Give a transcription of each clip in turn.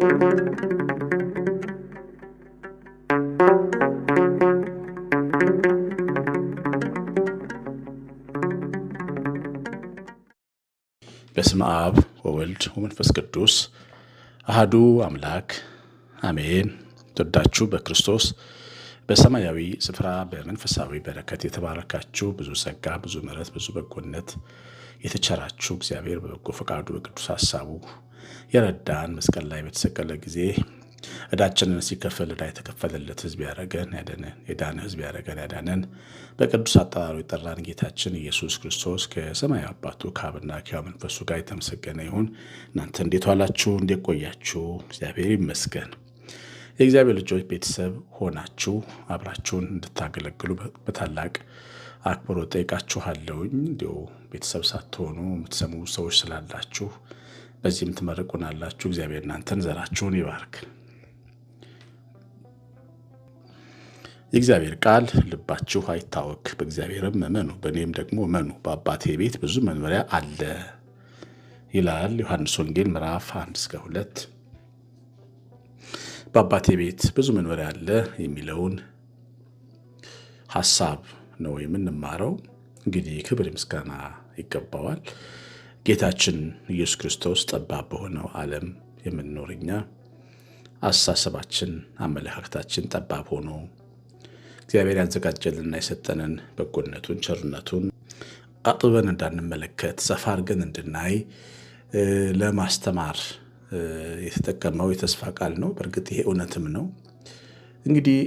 በስም አብ ወወልድ ወመንፈስ ቅዱስ አህዱ አምላክ አሜን። ትወዳችሁ በክርስቶስ በሰማያዊ ስፍራ በመንፈሳዊ በረከት የተባረካችሁ ብዙ ጸጋ፣ ብዙ ምሕረት፣ ብዙ በጎነት የተቸራችሁ እግዚአብሔር በበጎ ፈቃዱ በቅዱስ ሐሳቡ የረዳን መስቀል ላይ በተሰቀለ ጊዜ እዳችንን ሲከፍል እዳ የተከፈለለት ህዝብ ያደረገን ያዳነን የዳነ ህዝብ ያደረገን ያዳነን በቅዱስ አጠራሩ የጠራን ጌታችን ኢየሱስ ክርስቶስ ከሰማይ አባቱ ከአብና ከያው መንፈሱ ጋር የተመሰገነ ይሁን። እናንተ እንዴት ዋላችሁ? እንዴት ቆያችሁ? እግዚአብሔር ይመስገን። የእግዚአብሔር ልጆች ቤተሰብ ሆናችሁ አብራችሁን እንድታገለግሉ በታላቅ አክብሮ ጠይቃችኋለውኝ። እንዲሁ ቤተሰብ ሳትሆኑ የምትሰሙ ሰዎች ስላላችሁ በዚህም ትመርቁናላችሁ። እግዚአብሔር እናንተን ዘራችሁን ይባርክ። የእግዚአብሔር ቃል ልባችሁ አይታወክ፣ በእግዚአብሔርም እመኑ፣ በእኔም ደግሞ እመኑ። በአባቴ ቤት ብዙ መኖሪያ አለ ይላል ዮሐንስ ወንጌል ምዕራፍ 1 እስከ 2። በአባቴ ቤት ብዙ መኖሪያ አለ የሚለውን ሀሳብ ነው የምንማረው። እንግዲህ ክብር ምስጋና ይገባዋል። ጌታችን ኢየሱስ ክርስቶስ ጠባብ በሆነው ዓለም የምንኖር እኛ አስተሳሰባችን፣ አመለካከታችን ጠባብ ሆኖ እግዚአብሔር ያዘጋጀልንና የሰጠንን በጎነቱን፣ ቸርነቱን አጥበን እንዳንመለከት ሰፋ አድርገን እንድናይ ለማስተማር የተጠቀመው የተስፋ ቃል ነው። በእርግጥ ይሄ እውነትም ነው። እንግዲህ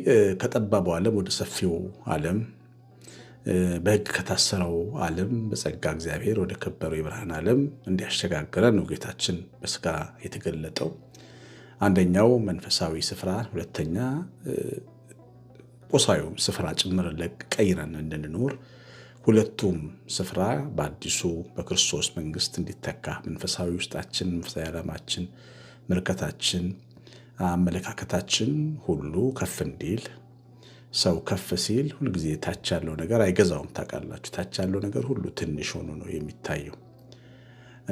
ከጠባቡ ዓለም ወደ ሰፊው ዓለም በህግ ከታሰረው ዓለም በጸጋ እግዚአብሔር ወደ ከበረው የብርሃን ዓለም እንዲያሸጋግረ ነው ጌታችን በስጋ የተገለጠው። አንደኛው መንፈሳዊ ስፍራ፣ ሁለተኛ ቁሳዊውም ስፍራ ጭምር ቀይረን እንድንኖር ሁለቱም ስፍራ በአዲሱ በክርስቶስ መንግስት እንዲተካ መንፈሳዊ ውስጣችን፣ መንፈሳዊ ዓላማችን፣ ምርከታችን፣ አመለካከታችን ሁሉ ከፍ እንዲል ሰው ከፍ ሲል ሁልጊዜ ታች ያለው ነገር አይገዛውም። ታውቃላችሁ፣ ታች ያለው ነገር ሁሉ ትንሽ ሆኖ ነው የሚታየው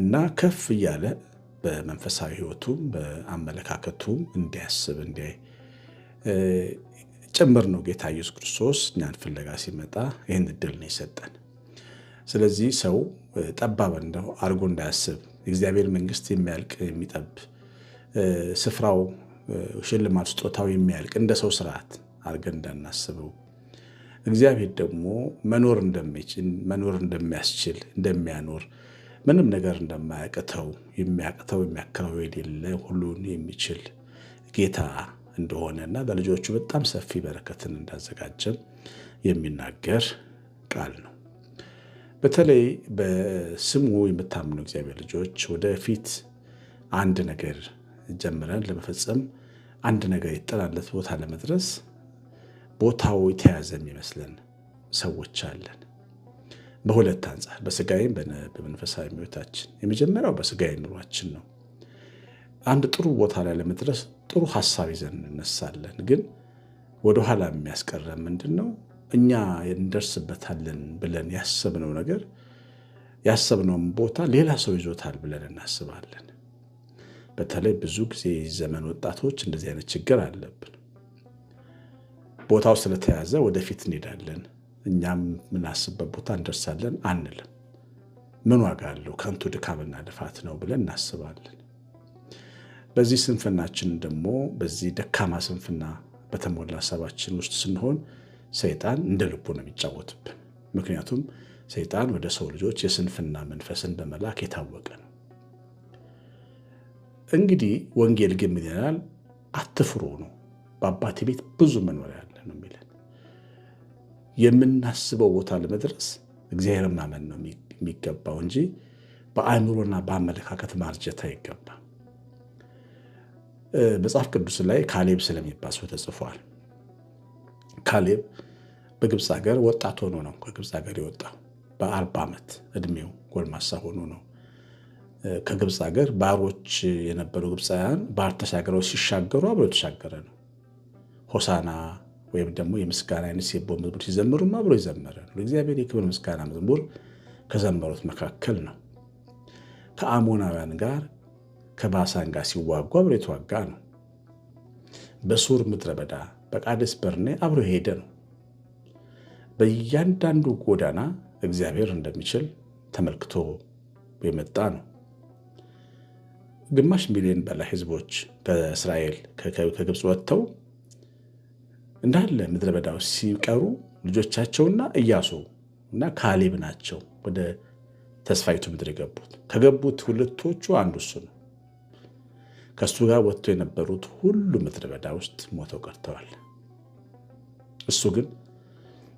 እና ከፍ እያለ በመንፈሳዊ ህይወቱም በአመለካከቱም እንዲያስብ እንዲያይ ጭምር ነው ጌታ ኢየሱስ ክርስቶስ እኛን ፍለጋ ሲመጣ ይህን እድል ነው የሰጠን። ስለዚህ ሰው ጠባብ እንደው አድርጎ እንዳያስብ እግዚአብሔር መንግስት የሚያልቅ የሚጠብ ስፍራው፣ ሽልማት፣ ስጦታው የሚያልቅ እንደ ሰው ስርዓት አድርገን እንዳናስበው እግዚአብሔር ደግሞ መኖር እንደሚችል መኖር እንደሚያስችል እንደሚያኖር ምንም ነገር እንደማያቅተው የሚያቅተው የሚያከራው የሌለ ሁሉን የሚችል ጌታ እንደሆነ እና ለልጆቹ በጣም ሰፊ በረከትን እንዳዘጋጀም የሚናገር ቃል ነው። በተለይ በስሙ የምታምኑ እግዚአብሔር ልጆች ወደፊት አንድ ነገር ጀምረን ለመፈጸም አንድ ነገር የተጠራለት ቦታ ለመድረስ ቦታው የተያዘ የሚመስለን ሰዎች አለን። በሁለት አንጻር በስጋይም በመንፈሳዊ ሕይወታችን የመጀመሪያው በስጋይ ኑሯችን ነው። አንድ ጥሩ ቦታ ላይ ለመድረስ ጥሩ ሀሳብ ይዘን እንነሳለን። ግን ወደኋላ የሚያስቀረ ምንድን ነው? እኛ እንደርስበታለን ብለን ያሰብነው ነገር ያሰብነውን ቦታ ሌላ ሰው ይዞታል ብለን እናስባለን። በተለይ ብዙ ጊዜ ዘመን ወጣቶች እንደዚህ አይነት ችግር አለብን። ቦታው ስለተያዘ ወደፊት እንሄዳለን፣ እኛም የምናስበት ቦታ እንደርሳለን አንልም። ምን ዋጋ አለው? ከንቱ ድካምና ልፋት ነው ብለን እናስባለን። በዚህ ስንፍናችን ደግሞ በዚህ ደካማ ስንፍና በተሞላ ሀሳባችን ውስጥ ስንሆን ሰይጣን እንደ ልቡ ነው የሚጫወትብን። ምክንያቱም ሰይጣን ወደ ሰው ልጆች የስንፍና መንፈስን በመላክ የታወቀ ነው። እንግዲህ ወንጌል ግን ምን ይላል? አትፍሩ ነው። በአባቴ ቤት ብዙ መኖሪያ የምናስበው ቦታ ለመድረስ እግዚአብሔር ማመን ነው የሚገባው እንጂ በአእምሮና በአመለካከት ማርጀት አይገባም። መጽሐፍ ቅዱስ ላይ ካሌብ ስለሚባል ሰው ተጽፏል። ካሌብ በግብፅ ሀገር ወጣት ሆኖ ነው ከግብፅ ሀገር የወጣው። በአርባ ዓመት እድሜው ጎልማሳ ሆኖ ነው ከግብፅ ሀገር ባሮች የነበሩ ግብፃውያን ባህር ተሻግረው ሲሻገሩ አብሮ የተሻገረ ነው። ሆሳና ወይም ደግሞ የምስጋና አይነት ሲቦ መዝሙር ሲዘምሩም አብሮ ይዘመራል። ለእግዚአብሔር የክብር ምስጋና መዝሙር ከዘመሩት መካከል ነው። ከአሞናውያን ጋር ከባሳን ጋር ሲዋጉ አብሮ የተዋጋ ነው። በሱር ምድረ በዳ በቃደስ በርኔ አብሮ የሄደ ነው። በእያንዳንዱ ጎዳና እግዚአብሔር እንደሚችል ተመልክቶ የመጣ ነው። ግማሽ ሚሊዮን በላይ ህዝቦች ከእስራኤል ከግብፅ ወጥተው እንዳለ ምድረ በዳው ሲቀሩ ልጆቻቸውና እያሱ እና ካሌብ ናቸው ወደ ተስፋይቱ ምድር የገቡት። ከገቡት ሁለቶቹ አንዱ እሱ ነው። ከእሱ ጋር ወጥቶ የነበሩት ሁሉ ምድረ በዳ ውስጥ ሞተው ቀርተዋል። እሱ ግን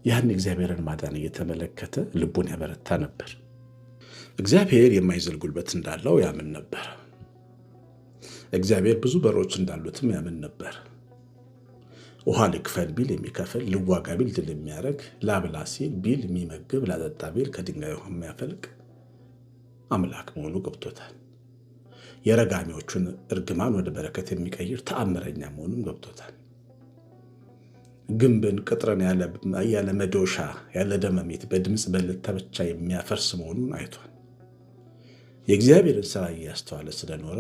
ያን እግዚአብሔርን ማዳን እየተመለከተ ልቡን ያበረታ ነበር። እግዚአብሔር የማይዘል ጉልበት እንዳለው ያምን ነበር። እግዚአብሔር ብዙ በሮች እንዳሉትም ያምን ነበር። ውሃ ልክፈል ቢል የሚከፍል ልዋጋ ቢል ድል የሚያደርግ ላብላ ሲል ቢል የሚመግብ ላጠጣ ቢል ከድንጋይ ውሃ የሚያፈልቅ አምላክ መሆኑ ገብቶታል። የረጋሚዎቹን እርግማን ወደ በረከት የሚቀይር ተአምረኛ መሆኑም ገብቶታል። ግንብን ቅጥርን ያለ መዶሻ ያለ ደመሜት በድምፅ በልታ ብቻ የሚያፈርስ መሆኑን አይቷል። የእግዚአብሔርን ስራ እያስተዋለ ስለኖረ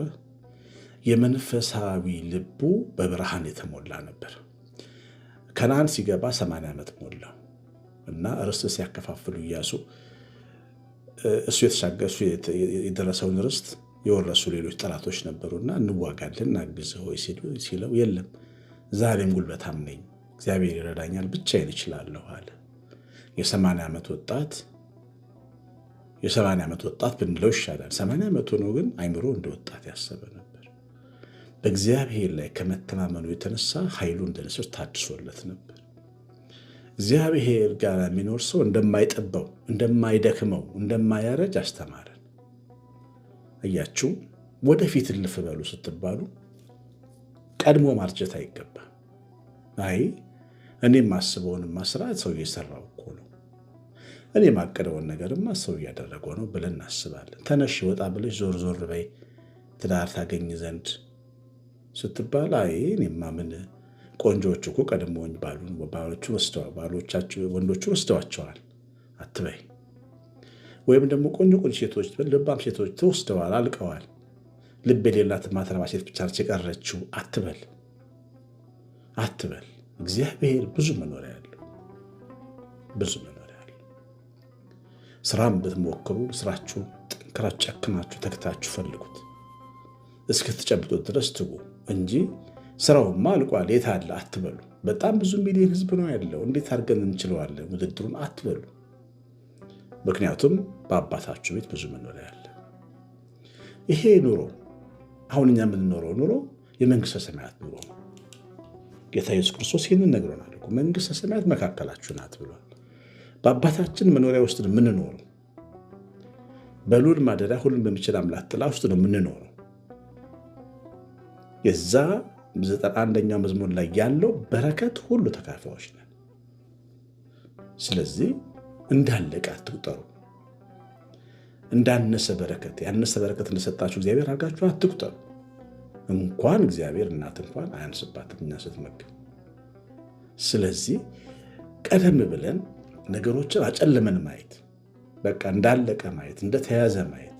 የመንፈሳዊ ልቡ በብርሃን የተሞላ ነበር። ከነአን ሲገባ 8 ዓመት ሞላው እና ርስት ሲያከፋፍሉ እያሱ እሱ የደረሰውን ርስት የወረሱ ሌሎች ጠላቶች ነበሩና እንዋጋለን እናግዝህ ወይ ሲለው የለም ዛሬም ጉልበታም ነኝ እግዚአብሔር ይረዳኛል ብቻዬን እችላለሁ አለ። የሰማንያ ዓመት ወጣት የሰማንያ ዓመት ወጣት ብንለው ይሻላል። ሰማንያ ዓመቱ ነው ግን አይምሮ እንደ ወጣት ያሰበ ነው። በእግዚአብሔር ላይ ከመተማመኑ የተነሳ ኃይሉ እንደነሰች ታድሶለት ነበር። እግዚአብሔር ጋር የሚኖር ሰው እንደማይጠበው፣ እንደማይደክመው፣ እንደማያረጅ አስተማረን። እያችሁ ወደፊት እልፍ በሉ ስትባሉ ቀድሞ ማርጀት አይገባም። አይ እኔ የማስበውን ማስራት ሰው እየሰራው እኮ ነው፣ እኔ የማቀደውን ነገርማ ሰው እያደረገው ነው ብለን እናስባለን። ተነሽ ወጣ ብለሽ ዞር ዞር በይ ትዳር ታገኝ ዘንድ ስትባል አይ እኔማ ምን ቆንጆዎች እኮ ቀድሞኝ ባሉ ባሎቹ ባሎቻቸው ወንዶቹ ወስደዋቸዋል አትበይ። ወይም ደግሞ ቆንጆ ቆንጆ ሴቶች ልባም ሴቶች ተወስደዋል፣ አልቀዋል፣ ልብ የሌላት ማትረባ ሴት ብቻ ነች የቀረችው አትበል አትበል። እግዚአብሔር ብዙ መኖሪያ ያለ ብዙ መኖሪያ ያለ ስራም ብትሞክሩ ስራችሁ ጠንክራችሁ ጨክናችሁ ተክታችሁ ፈልጉት እስክትጨብጡት ድረስ ትጉ። እንጂ ስራውማ አልቋል የት አለ አትበሉ። በጣም ብዙ ሚሊዮን ህዝብ ነው ያለው፣ እንዴት አድርገን እንችለዋለን ውድድሩን አትበሉ። ምክንያቱም በአባታችሁ ቤት ብዙ መኖሪያ አለ። ይሄ ኑሮ አሁን እኛ የምንኖረው ኑሮ የመንግስተ ሰማያት ኑሮ ነው። ጌታ ኢየሱስ ክርስቶስ ይህንን ነግሮናል። መንግስተ ሰማያት መካከላችሁ ናት ብሏል። በአባታችን መኖሪያ ውስጥ ነው የምንኖረው። በሉል ማደሪያ ሁሉን በሚችል አምላክ ጥላ ውስጥ ነው የምንኖረው። የዛ ዘጠና አንደኛው መዝሙር ላይ ያለው በረከት ሁሉ ተካፋዮች ነን። ስለዚህ እንዳለቀ አትቁጠሩ፣ እንዳነሰ በረከት ያነሰ በረከት እንደሰጣችሁ እግዚአብሔር አድርጋችሁ አትቁጠሩ። እንኳን እግዚአብሔር እናት እንኳን አያንስባትም እኛ ስትመግብ። ስለዚህ ቀደም ብለን ነገሮችን አጨልመን ማየት፣ በቃ እንዳለቀ ማየት፣ እንደተያዘ ማየት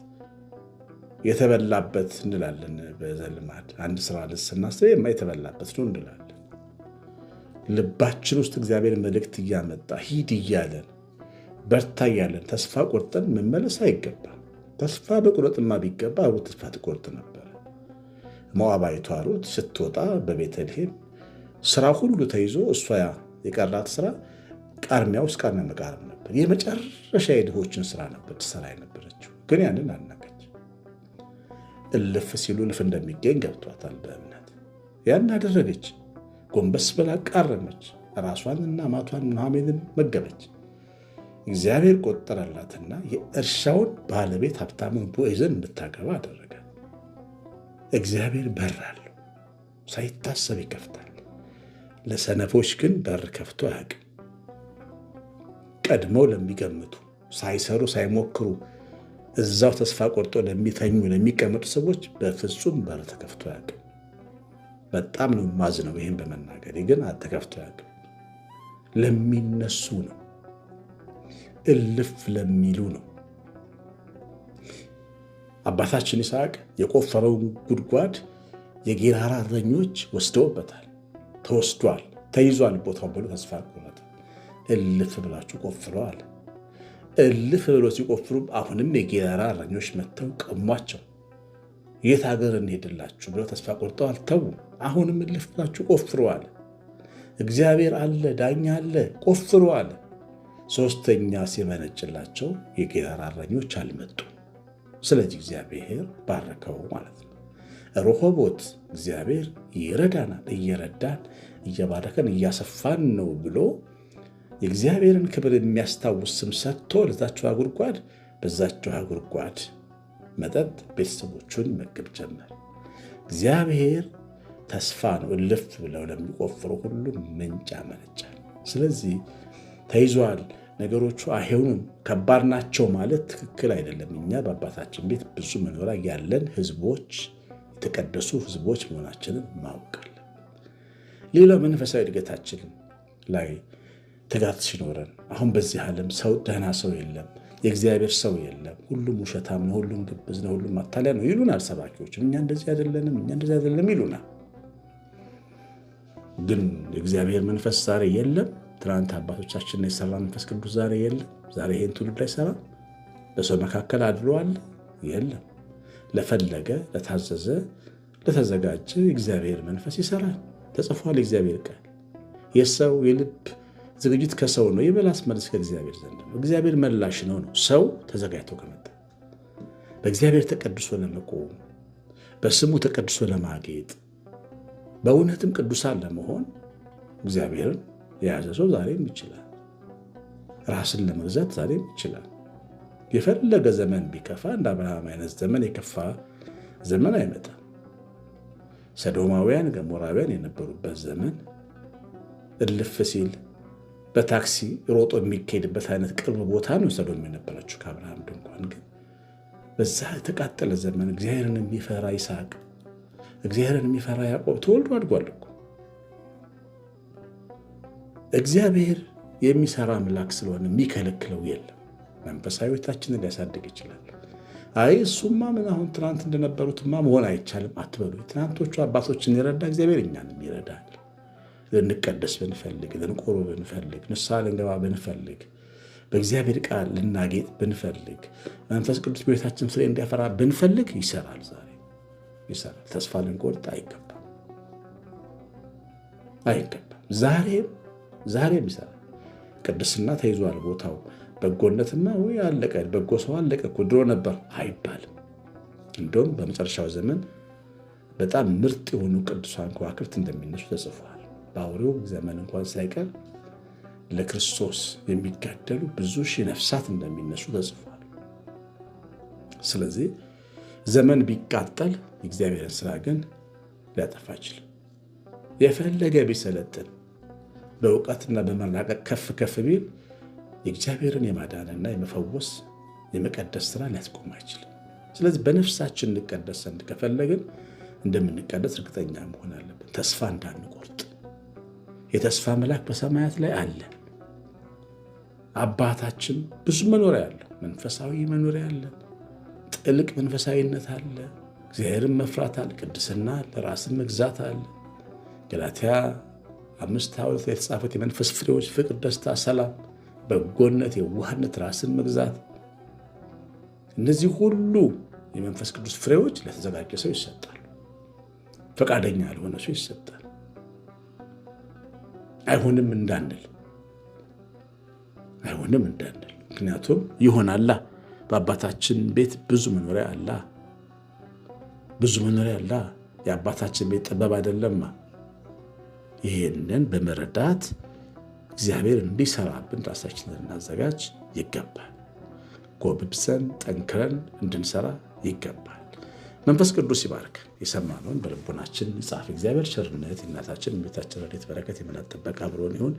የተበላበት እንላለን። በዘልማድ አንድ ስራ ልስ ልስናስብ የተበላበት ነው እንላለን። ልባችን ውስጥ እግዚአብሔር መልእክት እያመጣ ሂድ እያለን በርታ እያለን ተስፋ ቆርጠን መመለስ አይገባም። ተስፋ በቁረጥማ ቢገባ ሩት ተስፋ ትቆርጥ ነበር። ሞዓባዊቷ ሩት ስትወጣ በቤተልሔም ስራ ሁሉ ተይዞ እሷ የቀራት ስራ ቃርሚያ ውስጥ ቃርሚያ መቃረም ነበር። የመጨረሻ የድሆችን ስራ ነበር ትሰራ የነበረችው፣ ግን ያንን አልነበረ እልፍ ሲሉ እልፍ እንደሚገኝ ገብቷታል በእምነት ያን አደረገች። ጎንበስ ብላ ቃረመች። ራሷንና ማቷን ኑኃሚንን መገበች። እግዚአብሔር ቆጠረላትና የእርሻውን ባለቤት ሀብታምን ቦዔዝን እንድታገባ አደረገ። እግዚአብሔር በር አለው፣ ሳይታሰብ ይከፍታል። ለሰነፎች ግን በር ከፍቶ አያውቅም። ቀድመው ለሚገምቱ ሳይሰሩ ሳይሞክሩ እዛው ተስፋ ቆርጦ ለሚተኙ ለሚቀመጡ ሰዎች በፍጹም በር ተከፍቶ አያውቅም። በጣም ነው ማዝ ነው ይህን በመናገር ግን አተከፍቶ አያውቅም። ለሚነሱ ነው፣ እልፍ ለሚሉ ነው። አባታችን ይስሐቅ የቆፈረውን ጉድጓድ የጌራራ እረኞች ወስደውበታል። ተወስዷል፣ ተይዟል ቦታው ብሎ ተስፋ ቆረጠ። እልፍ ብላችሁ ቆፍረዋል እልፍ ብሎ ሲቆፍሩም አሁንም የጌራራ እረኞች መጥተው ቀሟቸው። የት ሀገር እንሄድላችሁ ብለው ተስፋ ቆርጠው አልተዉ። አሁንም እልፍ ብላችሁ ቆፍሩ አለ። እግዚአብሔር አለ፣ ዳኛ አለ፣ ቆፍሩ አለ። ሶስተኛ ሲመነጭላቸው የጌራራ እረኞች አልመጡም። ስለዚህ እግዚአብሔር ባረከው ማለት ነው። ሮሆቦት እግዚአብሔር ይረዳናል፣ እየረዳን እየባረከን እያሰፋን ነው ብሎ የእግዚአብሔርን ክብር የሚያስታውስ ስም ሰጥቶ ለዛችሁ ጉድጓድ በዛችሁ ጉድጓድ መጠጥ ቤተሰቦቹን ይመግብ ጀመር። እግዚአብሔር ተስፋ ነው፣ እልፍ ብለው ለሚቆፍሩ ሁሉ ምንጭ ያመነጫል። ስለዚህ ተይዟል፣ ነገሮቹ አይሆኑም፣ ከባድ ናቸው ማለት ትክክል አይደለም። እኛ በአባታችን ቤት ብዙ መኖሪያ ያለን ህዝቦች፣ የተቀደሱ ህዝቦች መሆናችንን ማወቃለን። ሌላው መንፈሳዊ እድገታችን ላይ ትጋት ሲኖረን አሁን በዚህ ዓለም ሰው ደህና ሰው የለም፣ የእግዚአብሔር ሰው የለም፣ ሁሉም ውሸታም ነው፣ ሁሉም ግብዝ ነው፣ ሁሉም ማታለያ ነው ይሉናል ሰባኪዎች። እኛ እንደዚህ አይደለንም፣ እኛ እንደዚህ አይደለም ይሉናል። ግን የእግዚአብሔር መንፈስ ዛሬ የለም። ትናንት አባቶቻችን የሰራ መንፈስ ቅዱስ ዛሬ የለም። ዛሬ ይህን ትውልድ ሰራ በሰው መካከል አድሯል የለም። ለፈለገ ለታዘዘ ለተዘጋጀ የእግዚአብሔር መንፈስ ይሰራል። ተጽፏል። የእግዚአብሔር ቃል የሰው የልብ ዝግጅት ከሰው ነው፣ የመላስ መልስ ከእግዚአብሔር ዘንድ ነው። እግዚአብሔር መላሽ ነው ነው ሰው ተዘጋጅቶ ከመጣ በእግዚአብሔር ተቀድሶ ለመቆም በስሙ ተቀድሶ ለማጌጥ በእውነትም ቅዱሳን ለመሆን እግዚአብሔርን የያዘ ሰው ዛሬም ይችላል። ራስን ለመግዛት ዛሬም ይችላል። የፈለገ ዘመን ቢከፋ እንደ አብርሃም አይነት ዘመን የከፋ ዘመን አይመጣም። ሰዶማውያን ገሞራውያን የነበሩበት ዘመን እልፍ ሲል በታክሲ ሮጦ የሚካሄድበት አይነት ቅርብ ቦታ ነው ሰዶም የነበረችው። ከአብርሃም ድንኳን ግን በዛ የተቃጠለ ዘመን እግዚአብሔርን የሚፈራ ይስሐቅ፣ እግዚአብሔርን የሚፈራ ያዕቆብ ተወልዶ አድጓል እግዚአብሔር የሚሰራ አምላክ ስለሆነ የሚከለክለው የለም። መንፈሳዊ ሕይወታችንን ሊያሳድግ ይችላል። አይ እሱማ ምን አሁን ትናንት እንደነበሩትማ መሆን አይቻልም አትበሉ። ትናንቶቹ አባቶችን ይረዳ እግዚአብሔር እኛንም ይረዳል። ልንቀደስ ብንፈልግ፣ ልንቆም ብንፈልግ፣ ንስሐ ልንገባ ብንፈልግ፣ በእግዚአብሔር ቃል ልናጌጥ ብንፈልግ፣ መንፈስ ቅዱስ በቤታችን ፍሬ እንዲያፈራ ብንፈልግ ይሰራል። ዛሬ ይሰራል። ተስፋ ልንቆርጥ አይገባም፣ አይገባም። ዛሬም ዛሬም ይሰራል። ቅድስና ተይዟል ቦታው። በጎነትማ ወይ አለቀ። በጎ ሰው አለቀ እኮ ድሮ ነበር አይባልም። እንዲሁም በመጨረሻው ዘመን በጣም ምርጥ የሆኑ ቅዱሳን ከዋክብት እንደሚነሱ ተጽፏል። በአውሬው ዘመን እንኳን ሳይቀር ለክርስቶስ የሚጋደሉ ብዙ ሺህ ነፍሳት እንደሚነሱ ተጽፏል። ስለዚህ ዘመን ቢቃጠል የእግዚአብሔርን ስራ ግን ሊያጠፋ አይችልም። የፈለገ ቢሰለጥን በእውቀትና በመራቀቅ ከፍ ከፍ ቢል የእግዚአብሔርን የማዳንና የመፈወስ የመቀደስ ስራ ሊያስቆም አይችልም። ስለዚህ በነፍሳችን እንቀደስ ከፈለግን እንደምንቀደስ እርግጠኛ መሆን አለብን። ተስፋ እንዳንቆርጥ የተስፋ መልአክ በሰማያት ላይ አለ። አባታችን ብዙ መኖሪያ አለ። መንፈሳዊ መኖሪያ አለ። ጥልቅ መንፈሳዊነት አለ። እግዚአብሔርን መፍራት አለ። ቅድስና አለ። ራስን መግዛት አለ። ገላትያ አምስት ሐዋርያት የተጻፉት የመንፈስ ፍሬዎች ፍቅር፣ ደስታ፣ ሰላም፣ በጎነት፣ የዋህነት፣ ራስን መግዛት እነዚህ ሁሉ የመንፈስ ቅዱስ ፍሬዎች ለተዘጋጀ ሰው ይሰጣሉ። ፈቃደኛ ለሆነ ሰው ይሰጣል። አይሆንም እንዳንል አይሆንም እንዳንል። ምክንያቱም ይሆናላ። በአባታችን ቤት ብዙ መኖሪያ አላ፣ ብዙ መኖሪያ አላ። የአባታችን ቤት ጥበብ አይደለማ። ይህንን በመረዳት እግዚአብሔር እንዲሰራብን ራሳችንን እናዘጋጅ ይገባል። ጎብብሰን ጠንክረን እንድንሰራ ይገባል። መንፈስ ቅዱስ ይባርክ። የሰማነውን በልቦናችን ጻፍ። እግዚአብሔር ቸርነት የእናታችን ቤታችን ረድኤት በረከት የመላት የመላጠበቅ አብሮን ይሁን።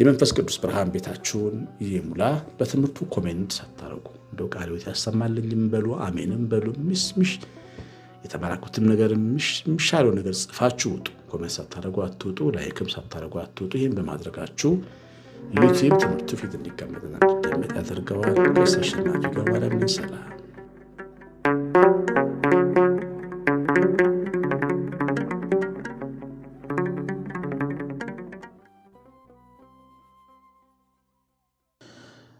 የመንፈስ ቅዱስ ብርሃን ቤታችሁን ይሙላ። በትምህርቱ ኮሜንት ሳታረጉ እንደው ቃለ ሕይወት ያሰማልኝም በሉ አሜንም በሉ ሚስሚሽ የተመራኩትም ነገር የሚሻለው ነገር ጽፋችሁ ውጡ። ኮሜንት ሳታረጉ አትውጡ። ላይክም ሳታረጉ አትውጡ። ይህም በማድረጋችሁ ዩቲዩብ ትምህርቱ ፊት እንዲቀመጥና እንዲደመጥ ያደርገዋል። ሰሽና ፊገባለምን ሰላም